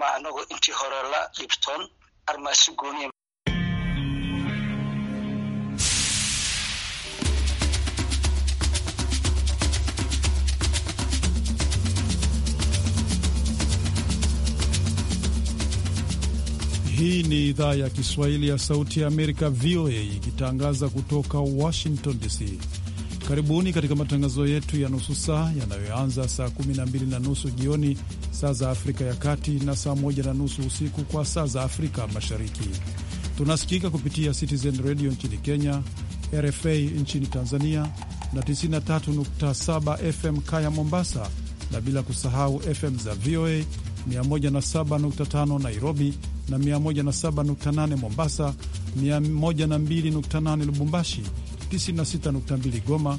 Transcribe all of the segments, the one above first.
ama anagoo intii hore la dhibton armaasi gooniya Hii ni idhaa ya Kiswahili ya Sauti ya Amerika, VOA, ikitangaza kutoka Washington DC. Karibuni katika matangazo yetu ya nusu saa yanayoanza saa 12 na nusu jioni saa za Afrika ya Kati na saa moja na nusu usiku kwa saa za Afrika Mashariki. Tunasikika kupitia Citizen Radio nchini Kenya, RFA nchini Tanzania na 93.7 FM Kaya Mombasa, na bila kusahau FM za VOA 107.5 Nairobi na 107.8 Mombasa, 102.8 Lubumbashi, 96.2 Goma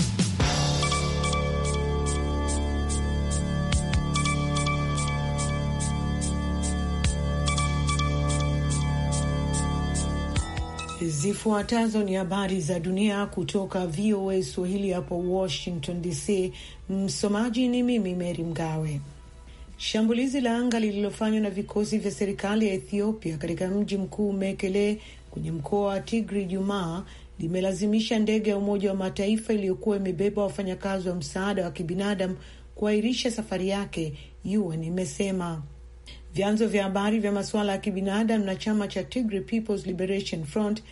Zifuatazo ni habari za dunia kutoka VOA Swahili hapo Washington DC. Msomaji ni mimi Meri Mgawe. Shambulizi la anga lililofanywa na vikosi vya serikali ya Ethiopia katika mji mkuu Mekele kwenye mkoa wa Tigri Jumaa limelazimisha ndege ya Umoja wa Mataifa iliyokuwa imebeba wafanyakazi wa msaada wa kibinadamu kuahirisha safari yake, UN imesema. Vyanzo vya habari vya masuala ya kibinadamu na chama cha Tigray People's Liberation Front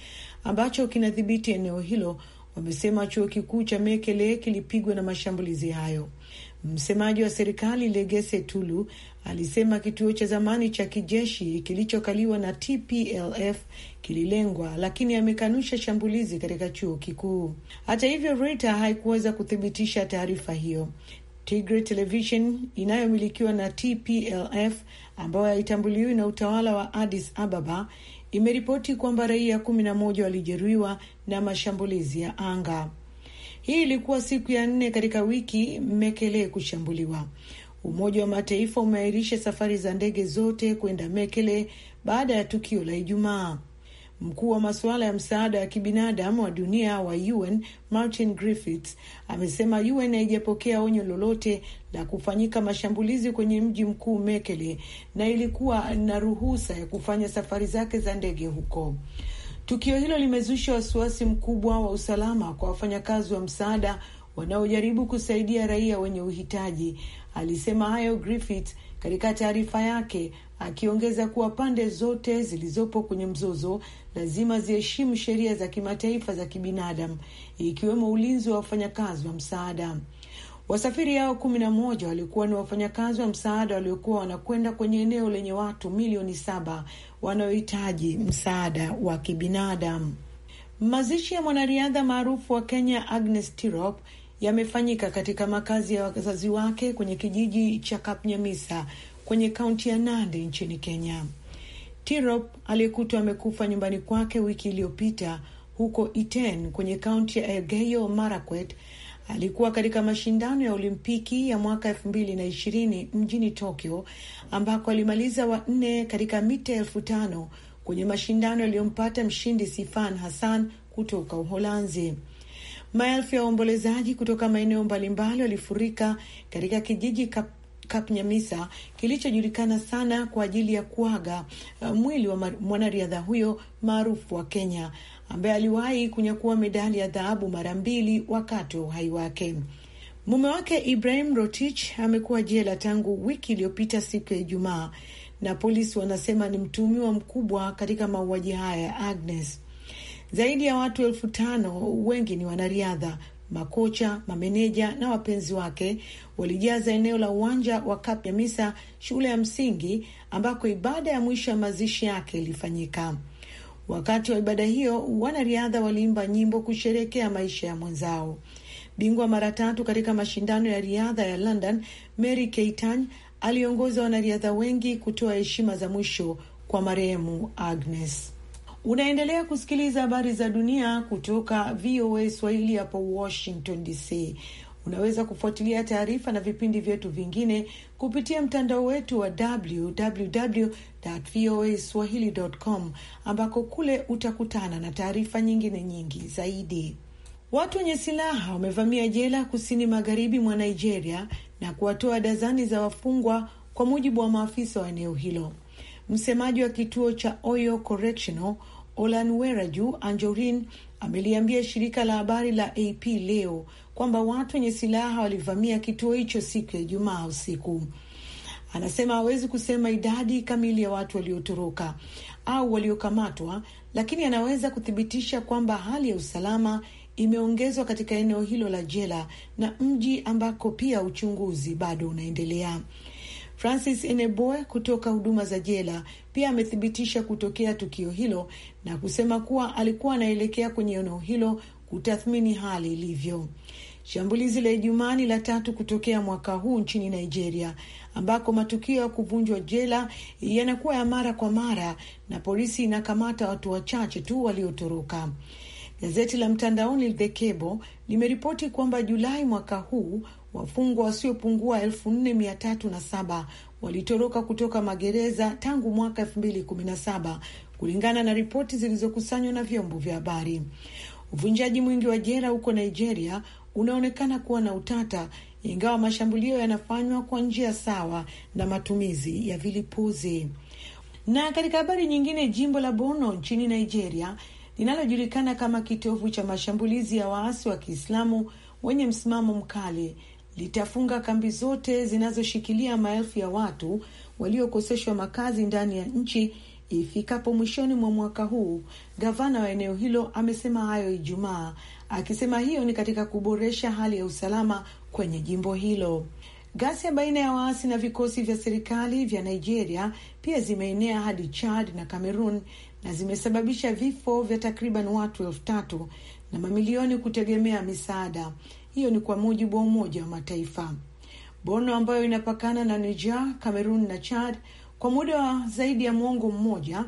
ambacho kinadhibiti eneo hilo wamesema chuo kikuu cha Mekele kilipigwa na mashambulizi hayo. Msemaji wa serikali legese Tulu alisema kituo cha zamani cha kijeshi kilichokaliwa na TPLF kililengwa, lakini amekanusha shambulizi katika chuo kikuu. Hata hivyo, Reuters haikuweza kuthibitisha taarifa hiyo. Tigray Television inayomilikiwa na TPLF ambayo haitambuliwi na utawala wa Addis Ababa imeripoti kwamba raia kumi na moja walijeruhiwa na mashambulizi ya anga. Hii ilikuwa siku ya nne katika wiki Mekele kushambuliwa. Umoja wa Mataifa umeahirisha safari za ndege zote kwenda Mekele baada ya tukio la Ijumaa. Mkuu wa masuala ya msaada ya kibinadamu wa dunia wa UN Martin Griffiths amesema UN haijapokea onyo lolote la kufanyika mashambulizi kwenye mji mkuu Mekele na ilikuwa na ruhusa ya kufanya safari zake za ndege huko. Tukio hilo limezusha wasiwasi mkubwa wa usalama kwa wafanyakazi wa msaada wanaojaribu kusaidia raia wenye uhitaji. Alisema hayo Griffiths katika taarifa yake akiongeza kuwa pande zote zilizopo kwenye mzozo lazima ziheshimu sheria za kimataifa za kibinadamu ikiwemo ulinzi wa wafanyakazi wa msaada. Wasafiri hao kumi na moja walikuwa ni wafanyakazi wa msaada waliokuwa wanakwenda kwenye eneo lenye watu milioni saba wanaohitaji msaada wa kibinadamu. Mazishi ya mwanariadha maarufu wa Kenya Agnes Tirop yamefanyika katika makazi ya wazazi wake kwenye kijiji cha Kapnyamisa kwenye kaunti ya Nandi nchini Kenya. Tirop aliyekutwa amekufa nyumbani kwake wiki iliyopita huko Iten kwenye kaunti ya Elgeyo Marakwet alikuwa katika mashindano ya Olimpiki ya mwaka elfu mbili na ishirini mjini Tokyo ambako alimaliza wa nne katika mita elfu tano kwenye mashindano yaliyompata mshindi Sifan Hassan kutoka Uholanzi. Maelfu ya waombolezaji kutoka maeneo mbalimbali walifurika katika kijiji Kapnyamisa kilichojulikana sana kwa ajili ya kuaga uh, mwili wa mwanariadha huyo maarufu wa Kenya ambaye aliwahi kunyakua medali ya dhahabu mara mbili wakati wa uhai wake. Mume wake Ibrahim Rotich amekuwa jela tangu wiki iliyopita siku ya Ijumaa, na polisi wanasema ni mtuhumiwa mkubwa katika mauaji haya ya Agnes. Zaidi ya watu elfu tano, wengi ni wanariadha makocha, mameneja na wapenzi wake walijaza eneo la uwanja wa Misa, shule ya msingi ambako ibada ya mwisho ya mazishi yake ilifanyika. Wakati wa ibada hiyo, wanariadha waliimba nyimbo kusherekea maisha ya mwenzao. Bingwa mara tatu katika mashindano ya riadha ya London, Mary Keitany aliongoza wanariadha wengi kutoa heshima za mwisho kwa marehemu Agnes. Unaendelea kusikiliza habari za dunia kutoka VOA Swahili hapo Washington DC. Unaweza kufuatilia taarifa na vipindi vyetu vingine kupitia mtandao wetu wa www.voaswahili.com ambako kule utakutana na taarifa nyingine nyingi zaidi. Watu wenye silaha wamevamia jela kusini magharibi mwa Nigeria na kuwatoa dazani za wafungwa, kwa mujibu wa maafisa wa eneo hilo. Msemaji wa kituo cha Oyo Correctional weraju Anjorin ameliambia shirika la habari la AP leo kwamba watu wenye silaha walivamia kituo hicho siku ya Ijumaa usiku. Anasema hawezi kusema idadi kamili ya watu waliotoroka au waliokamatwa, lakini anaweza kuthibitisha kwamba hali ya usalama imeongezwa katika eneo hilo la jela na mji ambako pia uchunguzi bado unaendelea. Francis Eneboa kutoka huduma za jela pia amethibitisha kutokea tukio hilo na kusema kuwa alikuwa anaelekea kwenye eneo hilo kutathmini hali ilivyo. Shambulizi la Ijumaa ni la tatu kutokea mwaka huu nchini Nigeria, ambako matukio ya kuvunjwa jela yanakuwa ya mara kwa mara na polisi inakamata watu wachache tu waliotoroka. Gazeti la mtandaoni The Cable limeripoti kwamba Julai mwaka huu Wafungwa wasiopungua elfu nne mia tatu na saba walitoroka kutoka magereza tangu mwaka elfu mbili kumi na saba kulingana na ripoti zilizokusanywa na vyombo vya habari. Uvunjaji mwingi wa jera huko Nigeria unaonekana kuwa na utata, ingawa mashambulio yanafanywa kwa njia sawa na matumizi ya vilipuzi. Na katika habari nyingine, jimbo la bono nchini Nigeria linalojulikana kama kitovu cha mashambulizi ya waasi wa Kiislamu wenye msimamo mkali litafunga kambi zote zinazoshikilia maelfu ya watu waliokoseshwa makazi ndani ya nchi ifikapo mwishoni mwa mwaka huu. Gavana wa eneo hilo amesema hayo Ijumaa, akisema hiyo ni katika kuboresha hali ya usalama kwenye jimbo hilo. Ghasia baina ya waasi na vikosi vya serikali vya Nigeria pia zimeenea hadi Chad na Cameroon na zimesababisha vifo vya takriban watu elfu tatu na mamilioni kutegemea misaada. Hiyo ni kwa mujibu wa Umoja wa Mataifa. Borno ambayo inapakana na Niger, Cameroon na Chad kwa muda wa zaidi ya mwongo mmoja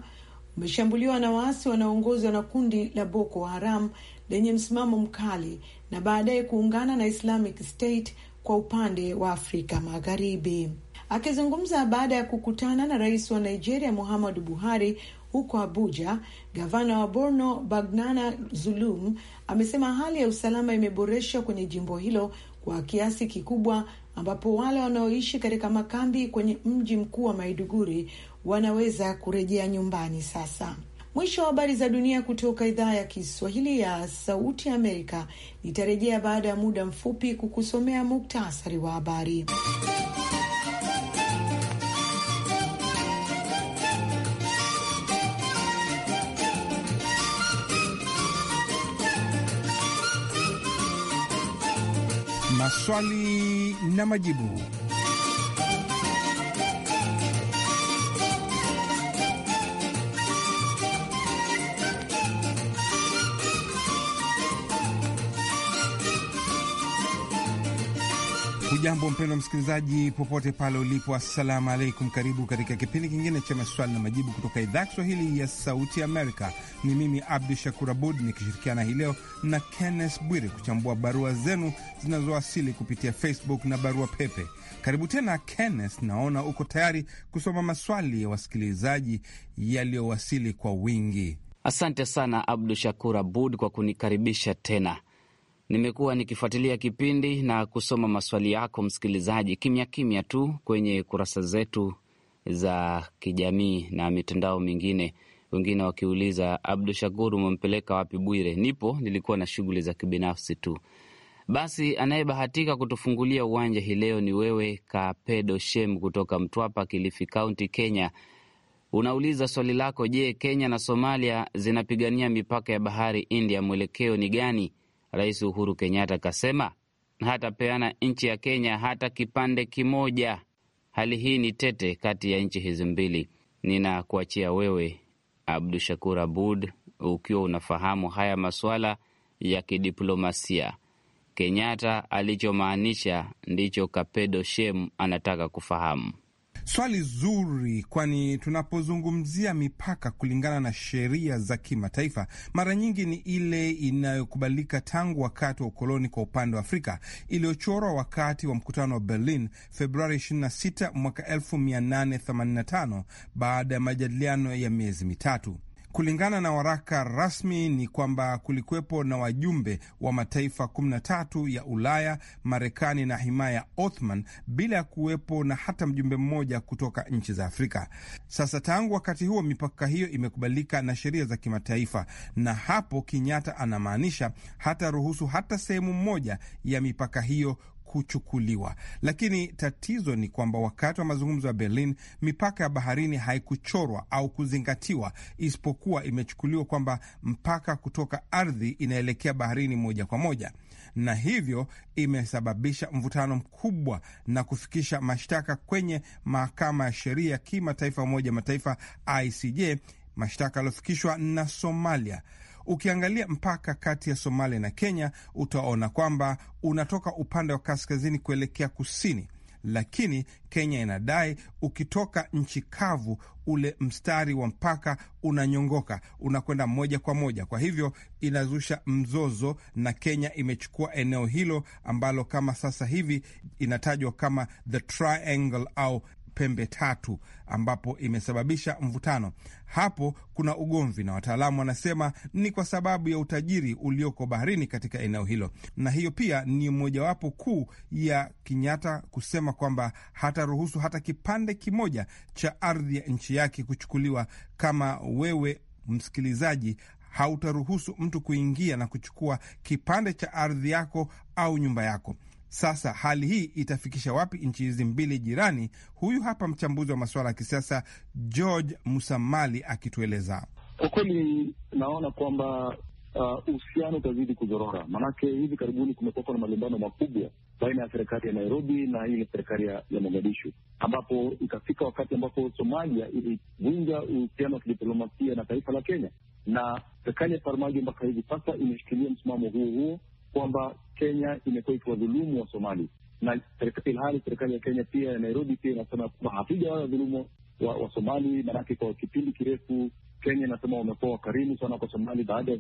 umeshambuliwa na waasi wanaoongozwa na kundi la Boko Haram lenye msimamo mkali na baadaye kuungana na Islamic State kwa upande wa Afrika Magharibi. Akizungumza baada ya kukutana na rais wa Nigeria Muhammadu Buhari huko Abuja, gavana wa Borno Bagnana Zulum amesema hali ya usalama imeboreshwa kwenye jimbo hilo kwa kiasi kikubwa, ambapo wale wanaoishi katika makambi kwenye mji mkuu wa Maiduguri wanaweza kurejea nyumbani sasa. Mwisho wa habari za dunia kutoka idhaa ya Kiswahili ya Sauti Amerika. Nitarejea baada ya muda mfupi kukusomea muktasari wa habari. maswali na majibu. Hujambo mpendwa msikilizaji, popote pale ulipo, assalamu alaikum. Karibu katika kipindi kingine cha maswali na majibu kutoka idhaa Kiswahili ya Sauti Amerika. Ni mimi Abdu Shakur Abud nikishirikiana hii leo na Kenneth Bwire kuchambua barua zenu zinazowasili kupitia Facebook na barua pepe. Karibu tena Kenneth, naona uko tayari kusoma maswali ya wasikilizaji yaliyowasili kwa wingi. Asante sana Abdu Shakur Abud kwa kunikaribisha tena. Nimekuwa nikifuatilia kipindi na kusoma maswali yako msikilizaji, kimya kimya tu kwenye kurasa zetu za kijamii na mitandao mingine, wengine wakiuliza Abdu Shakur, umempeleka wapi Bwire? Nipo, nilikuwa na shughuli za kibinafsi tu. Basi anayebahatika kutufungulia uwanja hii leo ni wewe Kapedo Shem kutoka Mtwapa, Kilifi Kaunti, Kenya. Unauliza swali lako, je, Kenya na Somalia zinapigania mipaka ya bahari India, mwelekeo ni gani? Rais Uhuru Kenyatta akasema hatapeana nchi ya Kenya hata kipande kimoja. Hali hii ni tete kati ya nchi hizi mbili. Ninakuachia wewe Abdu Shakur Abud, ukiwa unafahamu haya masuala ya kidiplomasia. Kenyatta alichomaanisha ndicho Kapedo Shem anataka kufahamu. Swali zuri, kwani tunapozungumzia mipaka kulingana na sheria za kimataifa mara nyingi ni ile inayokubalika tangu wakati wa ukoloni kwa upande wa Afrika, iliyochorwa wakati wa mkutano wa Berlin Februari 26 mwaka 1885 baada ya majadiliano ya miezi mitatu. Kulingana na waraka rasmi ni kwamba kulikuwepo na wajumbe wa mataifa 13 ya Ulaya, Marekani na himaya Othman bila ya kuwepo na hata mjumbe mmoja kutoka nchi za Afrika. Sasa tangu wakati huo mipaka hiyo imekubalika na sheria za kimataifa, na hapo kinyatta anamaanisha hataruhusu hata sehemu moja ya mipaka hiyo kuchukuliwa. Lakini tatizo ni kwamba wakati wa mazungumzo ya Berlin mipaka ya baharini haikuchorwa au kuzingatiwa, isipokuwa imechukuliwa kwamba mpaka kutoka ardhi inaelekea baharini moja kwa moja na hivyo imesababisha mvutano mkubwa na kufikisha mashtaka kwenye mahakama ya sheria ya kimataifa Umoja Mataifa, ICJ, mashtaka yaliyofikishwa na Somalia Ukiangalia mpaka kati ya Somalia na Kenya utaona kwamba unatoka upande wa kaskazini kuelekea kusini, lakini Kenya inadai ukitoka nchi kavu ule mstari wa mpaka unanyongoka unakwenda moja kwa moja. Kwa hivyo inazusha mzozo, na Kenya imechukua eneo hilo ambalo kama sasa hivi inatajwa kama the triangle au pembe tatu ambapo imesababisha mvutano. Hapo kuna ugomvi, na wataalamu wanasema ni kwa sababu ya utajiri ulioko baharini katika eneo hilo, na hiyo pia ni mojawapo kuu ya Kenyatta kusema kwamba hataruhusu hata kipande kimoja cha ardhi ya nchi yake kuchukuliwa. Kama wewe msikilizaji hautaruhusu mtu kuingia na kuchukua kipande cha ardhi yako au nyumba yako sasa hali hii itafikisha wapi nchi hizi mbili jirani? Huyu hapa mchambuzi wa masuala ya kisiasa George Musamali akitueleza. Kwa kweli naona kwamba uh, uhusiano utazidi kuzorora, maanake hivi karibuni kumekuwa na malumbano makubwa baina ya serikali ya Nairobi na ile serikali ya Mogadishu, ambapo ikafika wakati ambapo Somalia ilivunja uhusiano wa kidiplomasia na taifa la Kenya, na serikali ya Farmajo mpaka hivi sasa imeshikilia msimamo huo huo kwamba Kenya imekuwa ikiwadhulumu wa Somali na ilhali serikali ya Kenya pia ya Nairobi pia inasema kwamba hatuja wadhulumu wa, wa Somali. Maanake kwa kipindi kirefu Kenya inasema wamekuwa wakarimu sana kwa Somali. Baada ya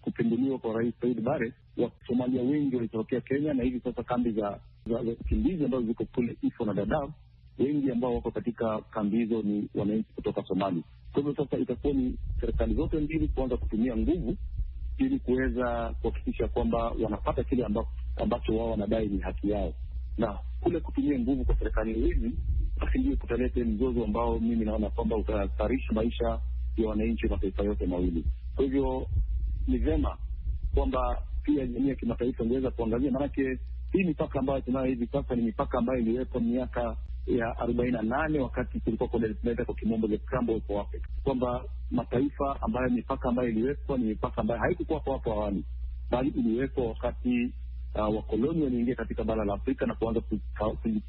kupinduliwa kwa Rais Said Barre, Wasomalia wengi walitokea Kenya na hivi sasa kambi za wakimbizi ambazo ziko kule Ifo na Dadaab, wengi ambao wako katika kambi hizo ni wananchi kutoka Somali. Kwa hivyo sasa itakuwa ni serikali zote mbili kuanza kutumia nguvu ili kuweza kuhakikisha kwamba wanapata kile ambacho wao wanadai ni haki yao, na kule kutumia nguvu kwa serikali hizi basi ndio kutalete mzozo ambao mimi naona kwamba utahatarisha maisha ya wananchi wa mataifa yote mawili. Kwa hivyo ni vema kwamba pia jamii ya kimataifa ingeweza kuangazia, maanake hii mipaka ambayo tunayo hivi sasa ni mipaka ambayo iliwekwa miaka ya arobaini na nane wakati kulikuwa kunaita kwa kimombo the scramble for Africa, kwamba mataifa ambayo mipaka ambayo iliwekwa ni mipaka ambayo haikukuwapo hapo awali, bali iliwekwa wakati uh, wakoloni waliingia katika bara la Afrika na kuanza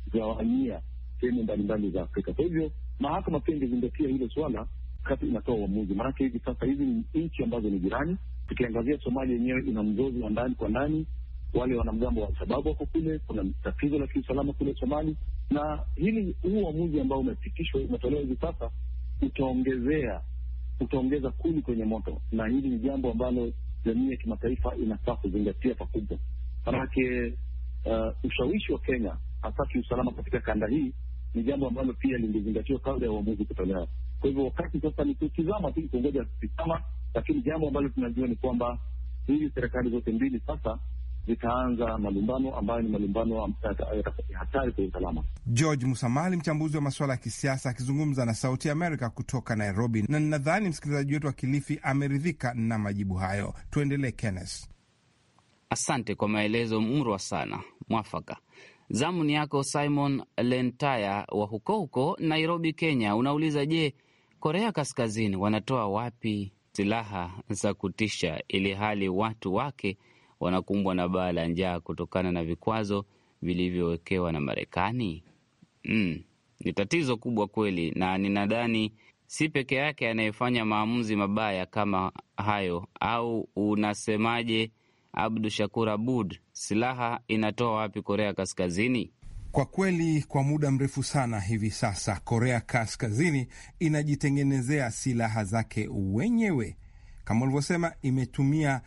kugawanyia sehemu mbalimbali za Afrika. Kwa hivyo mahakama pia ingezingatia hilo swala wakati inatoa uamuzi, maanake hivi sasa hizi ni nchi ambazo ni jirani. Tukiangazia Somalia yenyewe ina mzozi wa ndani kwa ndani, wale wanamgambo wa Alshababu wako kule, kuna tatizo la kiusalama kule Somali na hili huu uamuzi ambao umepitishwa umetolewa hivi sasa utaongezea utaongeza kuni kwenye moto, na hili ni jambo ambalo jamii ya kimataifa inafaa kuzingatia pakubwa, manake uh, ushawishi wa Kenya hasa kiusalama katika kanda hii ni jambo ambalo pia lingezingatiwa kabla ya uamuzi kutolewa. Kwa hivyo wakati sasa ni kutizama tu, kuongoja kutizama, lakini jambo ambalo tunajua ni kwamba hizi serikali zote mbili sasa zikaanza malumbano ambayo ni malumbano ya hatari kwa usalama. George Musamali, mchambuzi wa masuala ya kisiasa, akizungumza na Sauti ya Amerika kutoka Nairobi. Na ninadhani msikilizaji wetu wa Kilifi ameridhika na majibu hayo. Tuendelee, Kenneth. Asante kwa maelezo mrwa sana, mwafaka. Zamu ni yako Simon Lentaya wa huko huko Nairobi, Kenya. Unauliza, je, Korea Kaskazini wanatoa wapi silaha za kutisha ili hali watu wake wanakumbwa na baa la njaa kutokana na vikwazo vilivyowekewa na Marekani? Mm, ni tatizo kubwa kweli, na ninadhani si peke yake anayefanya maamuzi mabaya kama hayo. Au unasemaje, Abdu Shakur Abud? Silaha inatoa wapi Korea Kaskazini? Kwa kweli kwa muda mrefu sana hivi sasa Korea Kaskazini inajitengenezea silaha zake wenyewe, kama ulivyosema, imetumia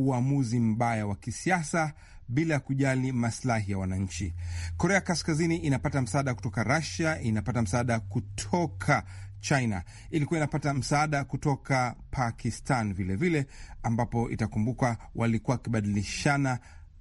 uamuzi mbaya wa kisiasa bila ya kujali maslahi ya wananchi. Korea Kaskazini inapata msaada kutoka rasia inapata msaada kutoka China, ilikuwa inapata msaada kutoka Pakistan vilevile vile, ambapo itakumbukwa walikuwa wakibadilishana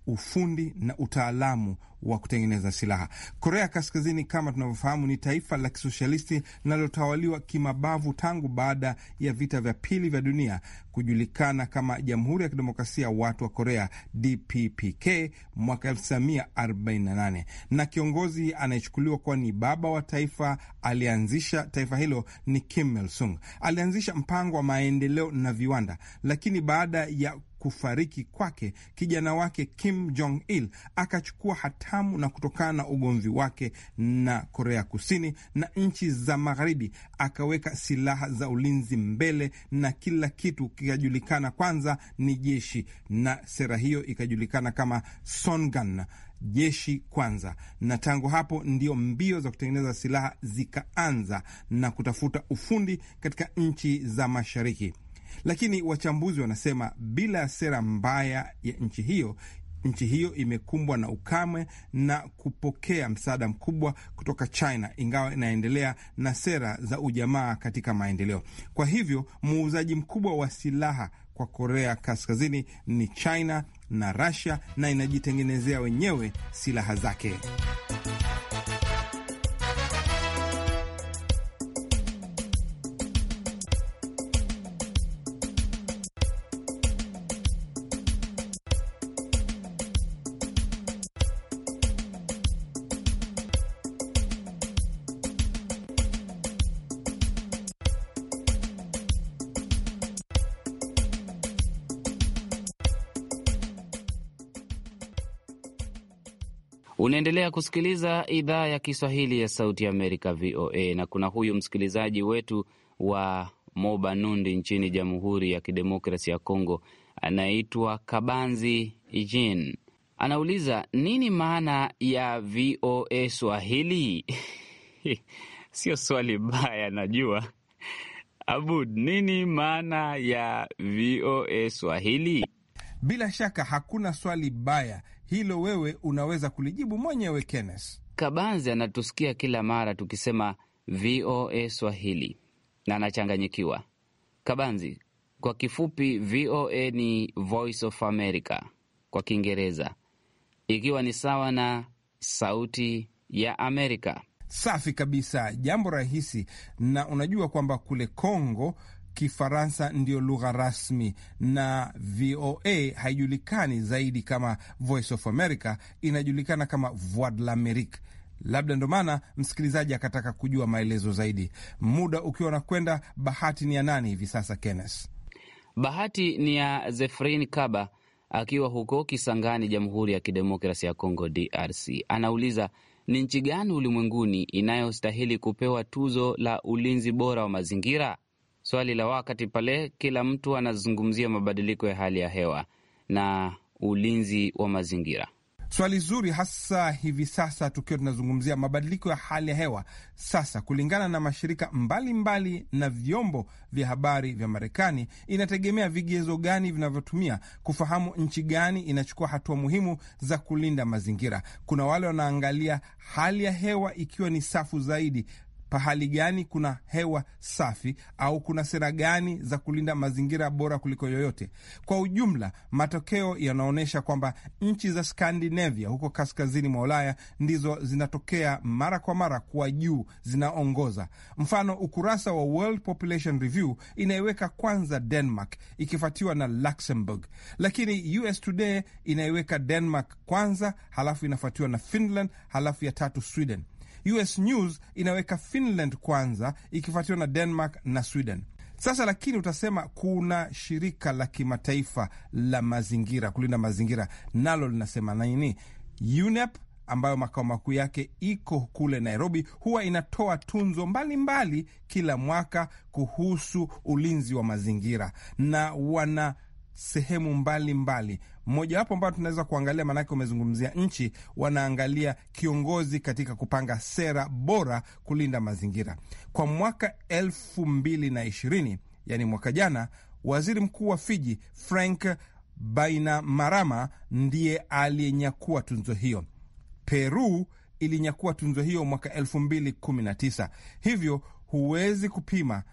ufundi na utaalamu wa kutengeneza silaha. Korea Kaskazini, kama tunavyofahamu, ni taifa la kisoshalisti linalotawaliwa kimabavu tangu baada ya vita vya pili vya dunia kujulikana kama Jamhuri ya Kidemokrasia ya Watu wa Korea, DPPK, mwaka 1948 na kiongozi anayechukuliwa kuwa ni baba wa taifa alianzisha taifa hilo ni Kim Il Sung. Alianzisha mpango wa maendeleo na viwanda, lakini baada ya kufariki kwake, kijana wake Kim Jong Il akachukua hatamu na kutokana na ugomvi wake na Korea Kusini na nchi za Magharibi, akaweka silaha za ulinzi mbele na kila kitu kikajulikana kwanza ni jeshi, na sera hiyo ikajulikana kama Songan jeshi kwanza. Na tangu hapo ndio mbio za kutengeneza silaha zikaanza na kutafuta ufundi katika nchi za mashariki. Lakini wachambuzi wanasema bila ya sera mbaya ya nchi hiyo nchi hiyo imekumbwa na ukame na kupokea msaada mkubwa kutoka China, ingawa inaendelea na sera za ujamaa katika maendeleo. Kwa hivyo muuzaji mkubwa wa silaha kwa Korea Kaskazini ni China na Russia, na inajitengenezea wenyewe silaha zake. Unaendelea kusikiliza idhaa ya Kiswahili ya Sauti ya Amerika, VOA, na kuna huyu msikilizaji wetu wa Moba Nundi nchini Jamhuri ya Kidemokrasi ya Kongo, anaitwa Kabanzi Jin, anauliza nini maana ya VOA Swahili? Sio swali baya, najua Abud, nini maana ya VOA Swahili? Bila shaka hakuna swali baya, hilo wewe unaweza kulijibu mwenyewe. Kenneth Kabanzi anatusikia kila mara tukisema VOA Swahili na anachanganyikiwa. Kabanzi, kwa kifupi VOA ni Voice of America kwa Kiingereza, ikiwa ni sawa na sauti ya Amerika. Safi kabisa, jambo rahisi. Na unajua kwamba kule Kongo Kifaransa ndio lugha rasmi na VOA haijulikani zaidi kama Voice of America, inajulikana kama Voix de l'Amerique. Labda ndo maana msikilizaji akataka kujua maelezo zaidi. Muda ukiwa unakwenda, bahati ni ya nani hivi sasa, Kenneth? Bahati ni ya Zefrin Kaba akiwa huko Kisangani, Jamhuri ya Kidemokrasi ya congo DRC. Anauliza, ni nchi gani ulimwenguni inayostahili kupewa tuzo la ulinzi bora wa mazingira? swali la wakati pale kila mtu anazungumzia mabadiliko ya hali ya hewa na ulinzi wa mazingira. Swali zuri hasa hivi sasa tukiwa tunazungumzia mabadiliko ya hali ya hewa. Sasa, kulingana na mashirika mbalimbali mbali na vyombo vya habari vya Marekani, inategemea vigezo gani vinavyotumia kufahamu nchi gani inachukua hatua muhimu za kulinda mazingira. Kuna wale wanaangalia hali ya hewa ikiwa ni safu zaidi pahali gani kuna hewa safi au kuna sera gani za kulinda mazingira bora kuliko yoyote. Kwa ujumla, matokeo yanaonyesha kwamba nchi za Skandinavia huko kaskazini mwa Ulaya ndizo zinatokea mara kwa mara kuwa juu, zinaongoza. Mfano, ukurasa wa World Population Review inaiweka kwanza Denmark ikifuatiwa na Luxembourg, lakini US Today inaiweka Denmark kwanza, halafu inafuatiwa na Finland, halafu ya tatu Sweden. US News inaweka Finland kwanza ikifuatiwa na Denmark na Sweden. Sasa lakini utasema kuna shirika la kimataifa la mazingira, kulinda mazingira, nalo linasema nini? UNEP ambayo makao makuu yake iko kule Nairobi, huwa inatoa tunzo mbalimbali mbali kila mwaka kuhusu ulinzi wa mazingira na wana sehemu mbalimbali mbali mmojawapo ambao tunaweza kuangalia, maanake umezungumzia nchi, wanaangalia kiongozi katika kupanga sera bora kulinda mazingira. Kwa mwaka elfu mbili na ishirini, yani mwaka jana, waziri mkuu wa Fiji Frank Bainimarama ndiye aliyenyakua tunzo hiyo. Peru ilinyakua tunzo hiyo mwaka elfu mbili kumi na tisa. Hivyo huwezi kupima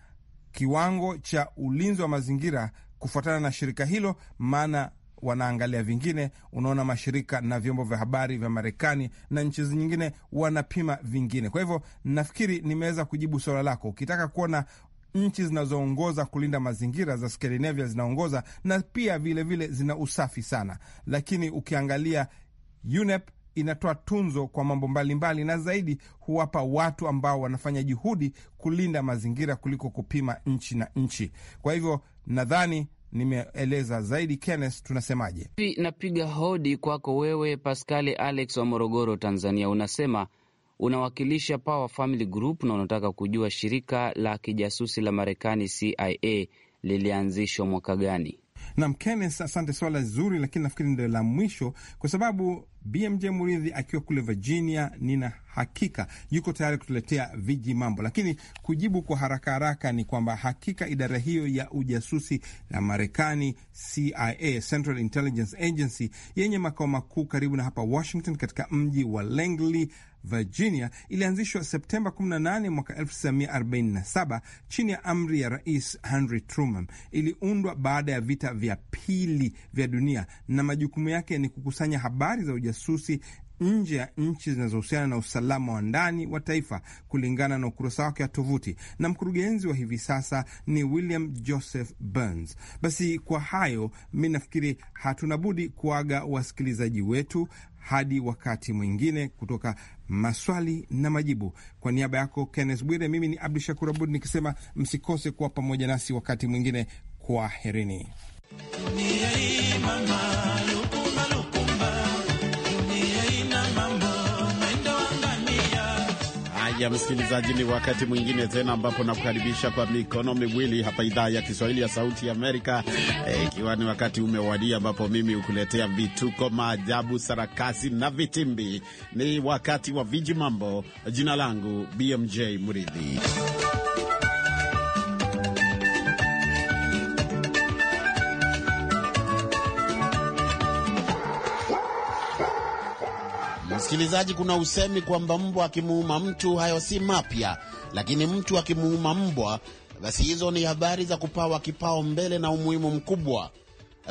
kiwango cha ulinzi wa mazingira kufuatana na shirika hilo, maana wanaangalia vingine. Unaona mashirika na vyombo vya habari vya Marekani na nchi nyingine wanapima vingine. Kwa hivyo nafikiri nimeweza kujibu swala lako. Ukitaka kuona nchi zinazoongoza kulinda mazingira za Skandinavia zinaongoza na pia vilevile vile zina usafi sana, lakini ukiangalia UNEP inatoa tunzo kwa mambo mbalimbali mbali, na zaidi huwapa watu ambao wanafanya juhudi kulinda mazingira kuliko kupima nchi na nchi. Kwa hivyo nadhani nimeeleza zaidi. Kenneth, tunasemaje? Napiga hodi kwako wewe Paskali Alex wa Morogoro, Tanzania. Unasema unawakilisha Power Family Group na unataka kujua shirika la kijasusi la Marekani CIA lilianzishwa mwaka gani? Nam Kenneth, asante, swala zuri, lakini nafikiri ndio la mwisho kwa sababu BMJ Muridhi akiwa kule Virginia, nina hakika yuko tayari kutuletea viji mambo, lakini kujibu kwa haraka haraka ni kwamba hakika idara hiyo ya ujasusi ya Marekani, CIA, Central Intelligence Agency, yenye makao makuu karibu na hapa Washington, katika mji wa Langley Virginia ilianzishwa Septemba 18 mwaka 1947 chini ya amri ya Rais Henry Truman. Iliundwa baada ya vita vya pili vya dunia na majukumu yake ni kukusanya habari za ujasusi nje ya nchi zinazohusiana na usalama wa ndani wa taifa, kulingana na ukurasa wake wa tovuti, na mkurugenzi wa hivi sasa ni William Joseph Burns. Basi kwa hayo, mi nafikiri hatuna budi kuaga wasikilizaji wetu hadi wakati mwingine, kutoka maswali na majibu. Kwa niaba yako Kenneth Bwire, mimi ni Abdu Shakur Abud nikisema msikose kuwa pamoja nasi wakati mwingine. Kwaherini. ya msikilizaji, ni wakati mwingine tena ambapo nakukaribisha kwa mikono miwili hapa idhaa ya Kiswahili ya Sauti ya Amerika, e, ikiwa e, ni wakati umewadia ambapo mimi hukuletea vituko, maajabu, sarakasi na vitimbi. Ni wakati wa viji mambo. Jina langu BMJ Muridhi. Msikilizaji, kuna usemi kwamba mbwa akimuuma mtu hayo si mapya, lakini mtu akimuuma mbwa, basi hizo ni habari za kupawa kipao mbele na umuhimu mkubwa.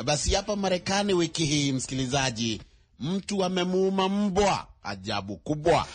Basi hapa Marekani wiki hii, msikilizaji, mtu amemuuma mbwa. Ajabu kubwa.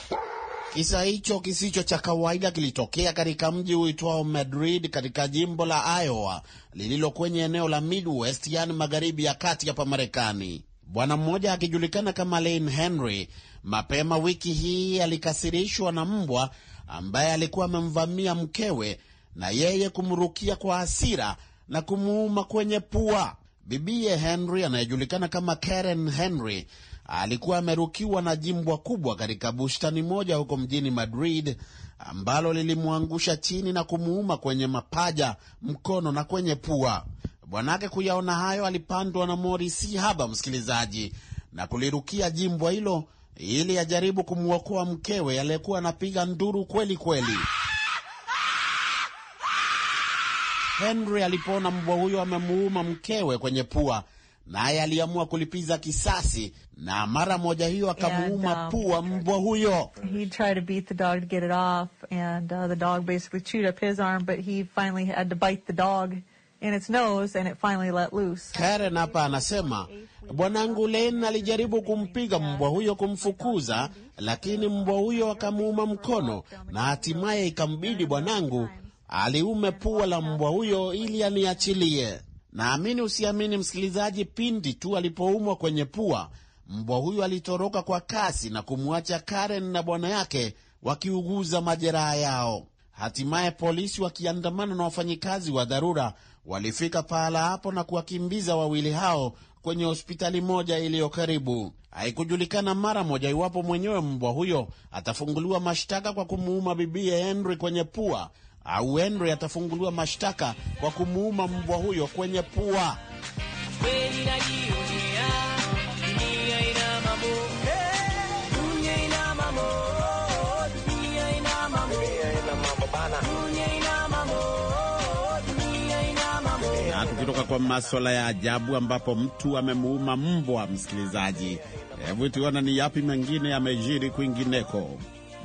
Kisa hicho kisicho cha kawaida kilitokea katika mji uitwao Madrid katika jimbo la Iowa lililo kwenye eneo la Midwest, yaani magharibi ya kati hapa Marekani. Bwana mmoja akijulikana kama Lane Henry mapema wiki hii alikasirishwa na mbwa ambaye alikuwa amemvamia mkewe na yeye kumrukia kwa hasira na kumuuma kwenye pua. Bibiye Henry anayejulikana kama Karen Henry alikuwa amerukiwa na jimbwa kubwa katika bustani moja huko mjini Madrid ambalo lilimwangusha chini na kumuuma kwenye mapaja, mkono na kwenye pua. Bwanake kuyaona hayo, alipandwa na mori si haba, msikilizaji, na kulirukia jimbwa hilo ili ajaribu kumwokoa mkewe aliyekuwa anapiga nduru kweli kweli. Henry alipoona mbwa huyo amemuuma mkewe kwenye pua, naye aliamua kulipiza kisasi, na mara moja hiyo akamuuma um, pua mbwa huyo. He Karen hapa anasema bwanangu Ngulen alijaribu kumpiga mbwa huyo kumfukuza, lakini mbwa huyo akamuuma mkono na hatimaye ikambidi bwanangu aliume pua la mbwa huyo ili aniachilie. Naamini usiamini, msikilizaji, pindi tu alipoumwa kwenye pua, mbwa huyo alitoroka kwa kasi na kumwacha Karen na bwana yake wakiuguza majeraha yao. Hatimaye polisi wakiandamana na wafanyikazi wa dharura walifika pahala hapo na kuwakimbiza wawili hao kwenye hospitali moja iliyo karibu. Haikujulikana mara moja iwapo mwenyewe mbwa huyo atafunguliwa mashtaka kwa kumuuma bibiye Henry kwenye pua au Henry atafunguliwa mashtaka kwa kumuuma mbwa huyo kwenye pua. kutoka kwa maswala ya ajabu ambapo mtu amemuuma mbwa. Msikilizaji, hebu tuona ni yapi mengine yamejiri kwingineko.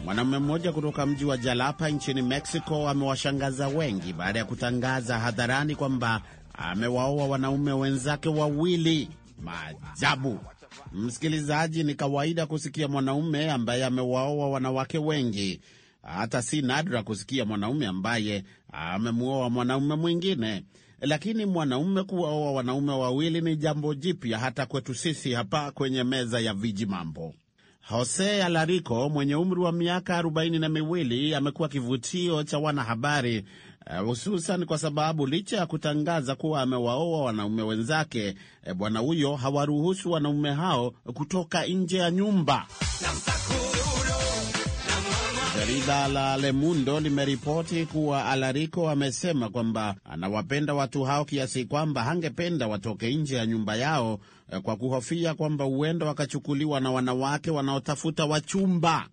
Mwanamume mmoja kutoka mji wa Jalapa nchini Mexico amewashangaza wengi baada ya kutangaza hadharani kwamba amewaoa wanaume wenzake wawili. Maajabu! Msikilizaji, ni kawaida kusikia mwanaume ambaye amewaoa wanawake wengi. Hata si nadra kusikia mwanaume ambaye amemwoa mwanaume mwingine lakini mwanaume kuwaoa wanaume wawili ni jambo jipya hata kwetu sisi hapa kwenye meza ya viji mambo Jose Alariko mwenye umri wa miaka arobaini na miwili amekuwa kivutio cha wanahabari eh, hususan uh, kwa sababu licha ya kutangaza kuwa amewaoa wanaume wenzake eh, bwana huyo hawaruhusu wanaume hao kutoka nje ya nyumba. Jarida la Le Mundo limeripoti kuwa Alariko amesema kwamba anawapenda watu hao kiasi kwamba hangependa watoke nje ya nyumba yao eh, kwa kuhofia kwamba huenda wakachukuliwa na wanawake wanaotafuta wachumba.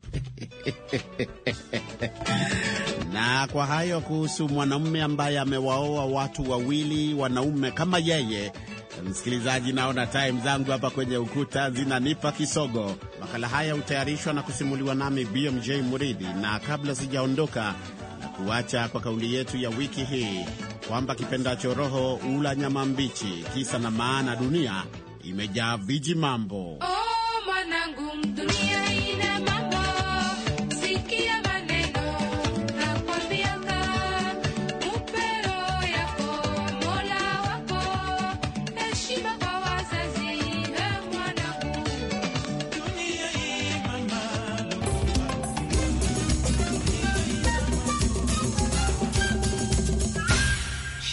Na kwa hayo kuhusu mwanaume ambaye amewaoa watu wawili wanaume kama yeye Msikilizaji, naona time zangu hapa kwenye ukuta zinanipa kisogo. Makala haya hutayarishwa na kusimuliwa nami BMJ Muridi, na kabla sijaondoka na kuacha kwa kauli yetu ya wiki hii kwamba kipendacho roho ula nyama mbichi. Kisa na maana, dunia imejaa viji mambo oh!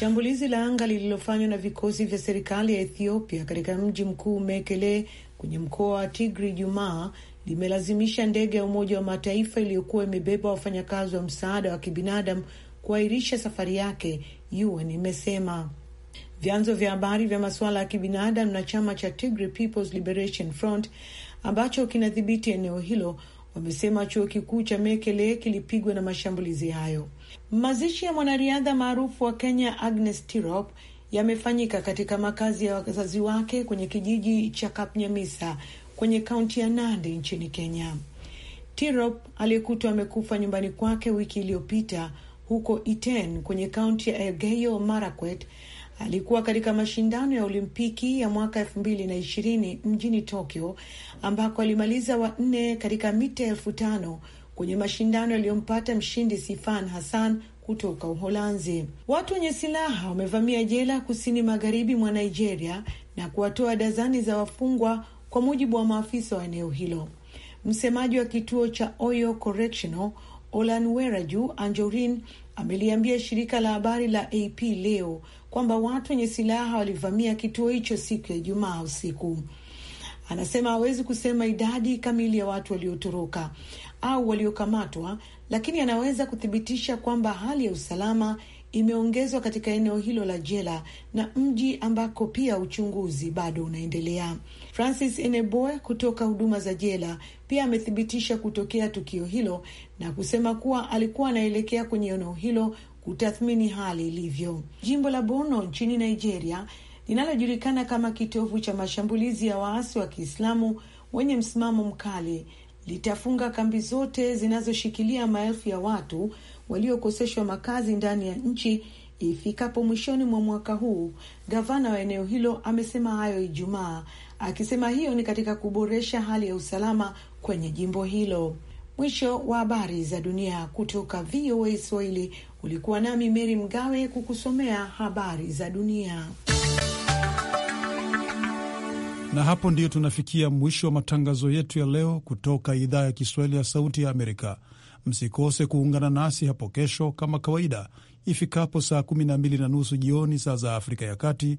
Shambulizi la anga lililofanywa na vikosi vya serikali ya Ethiopia katika mji mkuu Mekele kwenye mkoa wa Tigri Jumaa limelazimisha ndege ya Umoja wa Mataifa iliyokuwa imebeba wafanyakazi wa msaada wa kibinadamu kuahirisha safari yake, UN imesema. Vyanzo vya habari vya masuala ya kibinadamu na chama cha Tigray People's Liberation Front ambacho kinadhibiti eneo hilo wamesema chuo kikuu cha Mekele kilipigwa na mashambulizi hayo. Mazishi ya mwanariadha maarufu wa Kenya Agnes Tirop yamefanyika katika makazi ya wazazi wake kwenye kijiji cha Kapnyamisa kwenye kaunti ya Nandi nchini Kenya. Tirop aliyekutwa amekufa nyumbani kwake wiki iliyopita huko Iten kwenye kaunti ya Elgeyo Marakwet alikuwa katika mashindano ya Olimpiki ya mwaka elfu mbili na ishirini mjini Tokyo, ambako alimaliza wa nne katika mita elfu tano kwenye mashindano yaliyompata mshindi Sifan Hassan kutoka Uholanzi. Watu wenye silaha wamevamia jela kusini magharibi mwa Nigeria na kuwatoa dazani za wafungwa, kwa mujibu wa maafisa wa eneo hilo. Msemaji wa kituo cha Oyo Correctional Olanweraju Anjorin ameliambia shirika la habari la AP leo kwamba watu wenye silaha walivamia kituo hicho siku ya Ijumaa usiku. Anasema hawezi kusema idadi kamili ya watu waliotoroka au waliokamatwa, lakini anaweza kuthibitisha kwamba hali ya usalama imeongezwa katika eneo hilo la jela na mji ambako pia uchunguzi bado unaendelea. Francis Eneboe kutoka huduma za jela pia amethibitisha kutokea tukio hilo na kusema kuwa alikuwa anaelekea kwenye eneo hilo kutathmini hali ilivyo. Jimbo la Borno nchini Nigeria linalojulikana kama kitovu cha mashambulizi ya waasi wa Kiislamu wenye msimamo mkali litafunga kambi zote zinazoshikilia maelfu ya watu waliokoseshwa makazi ndani ya nchi ifikapo mwishoni mwa mwaka huu. Gavana wa eneo hilo amesema hayo Ijumaa akisema hiyo ni katika kuboresha hali ya usalama kwenye jimbo hilo. Mwisho wa habari za dunia kutoka VOA Swahili. Ulikuwa nami Meri Mgawe kukusomea habari za dunia, na hapo ndiyo tunafikia mwisho wa matangazo yetu ya leo kutoka idhaa ya Kiswahili ya Sauti ya Amerika. Msikose kuungana nasi hapo kesho kama kawaida ifikapo saa 12 na nusu jioni saa za Afrika ya Kati